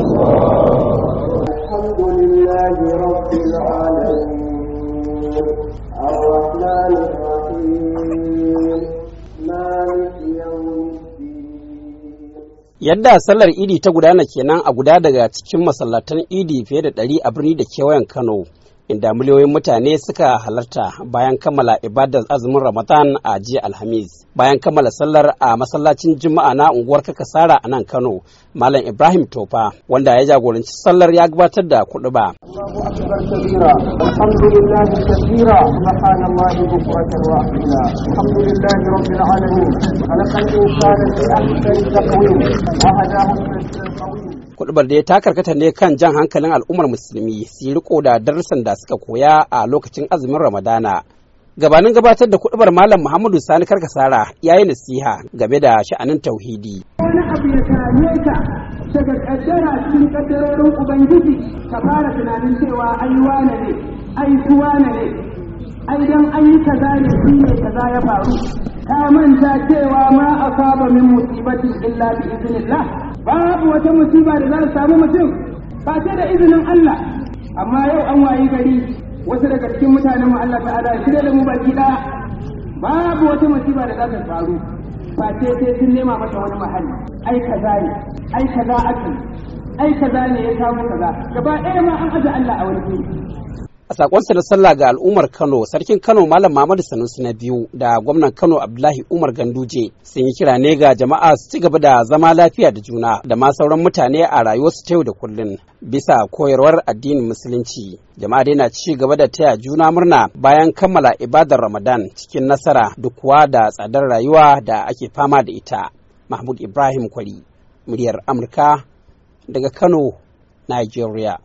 الله Yadda sallar Idi ta gudana kenan a guda daga cikin masallatan Idi fiye da ɗari a birni da kewayen Kano, inda miliyoyin mutane suka halarta bayan kammala ibadar azumin Ramadan a jiya Alhamis. Bayan kammala sallar a masallacin Juma'a na unguwar Kakasara a nan Kano, Malam Ibrahim Tofa, wanda ya jagoranci sallar ya gabatar da ba. الحمد لله كثيرا سبحان الله بكرة الحمد لله رب العالمين خلق الإنسان في أحسن تقويم وهداه kudubar da ya ta karkata ne kan jan hankalin al'ummar musulmi su yi riko da darussan da suka koya a lokacin azumin ramadana gabanin gabatar da kudubar malam muhammadu sani karkasara ya yi nasiha game da sha'anin tauhidi abu ya same ka daga kaddara cikin kaddarorin ubangiji ka fara tunanin cewa ai wane ne ai suwane ne ai dan an yi kaza ne shi ne kaza ya faru ka manta cewa ma asaba min musibati illa bi idnillah babu wata musiba da za ta samu mutum ba sai da izinin Allah amma yau an wayi gari wasu daga cikin mutanen mu Allah ta'ala shirya da mu baki da babu wata musiba da za ta faru face sai sun nema mata wani mahalli ai kaza ne ai kaza ake ai kaza ne ya samu kaza gaba ɗaya ma an aje Allah a wani A sakonsa na sallah ga al'ummar Kano, sarkin Kano Malam Muhammadu Sanusi na biyu da gwamnan Kano Abdullahi Umar Ganduje sun yi kira ne ga jama'a su ci gaba da zama lafiya da juna da ma sauran mutane a rayuwarsu ta yau da kullun bisa koyarwar addinin musulunci. Jama'a dai na ci gaba da taya juna murna bayan kammala ibadar Ramadan cikin nasara duk kuwa da tsadar rayuwa da ake fama da ita. Mahmud Ibrahim Kwari, muryar Amurka daga Kano, Nigeria.